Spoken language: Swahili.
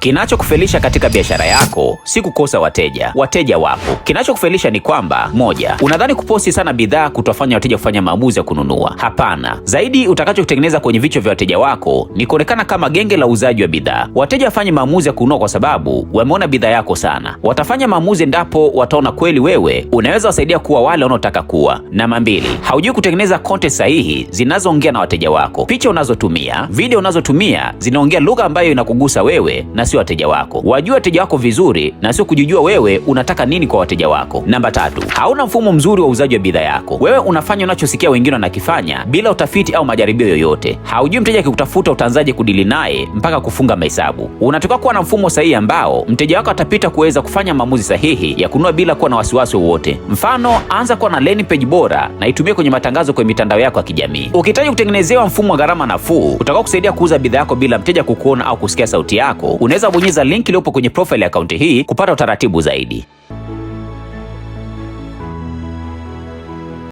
Kinachokufelisha katika biashara yako si kukosa wateja, wateja wapo. Kinachokufelisha ni kwamba, moja, unadhani kuposti sana bidhaa kutofanya wateja kufanya maamuzi ya kununua. Hapana, zaidi utakachotengeneza kwenye vichwa vya wateja wako ni kuonekana kama genge la uuzaji wa bidhaa. Wateja wafanye maamuzi ya kununua kwa sababu wameona bidhaa yako sana, watafanya maamuzi endapo wataona kweli wewe unaweza wasaidia kuwa wale wanaotaka kuwa. Namba mbili, haujui kutengeneza content sahihi zinazoongea na wateja wako. Picha unazotumia, video unazotumia zinaongea lugha ambayo inakugusa wewe na sio wateja wako. Wajue wateja wako vizuri na sio kujijua wewe unataka nini kwa wateja wako. Namba tatu, hauna mfumo mzuri wa uuzaji wa bidhaa yako. Wewe unafanya unachosikia wengine wanakifanya bila utafiti au majaribio yoyote. Haujui mteja akikutafuta utaanzaje kudili naye mpaka kufunga mahesabu. Unatakiwa kuwa na mfumo sahihi ambao mteja wako atapita kuweza kufanya maamuzi sahihi ya kununua bila kuwa na wasiwasi wowote. Mfano, anza kuwa na landing page bora na itumie kwenye matangazo kwenye mitandao yako ya kijamii. Ukihitaji kutengenezewa mfumo wa gharama nafuu utakao kusaidia kuuza bidhaa yako bila mteja kukuona au kusikia sauti yako, unaweza unaweza bonyeza link iliyopo kwenye profile ya akaunti hii kupata utaratibu zaidi.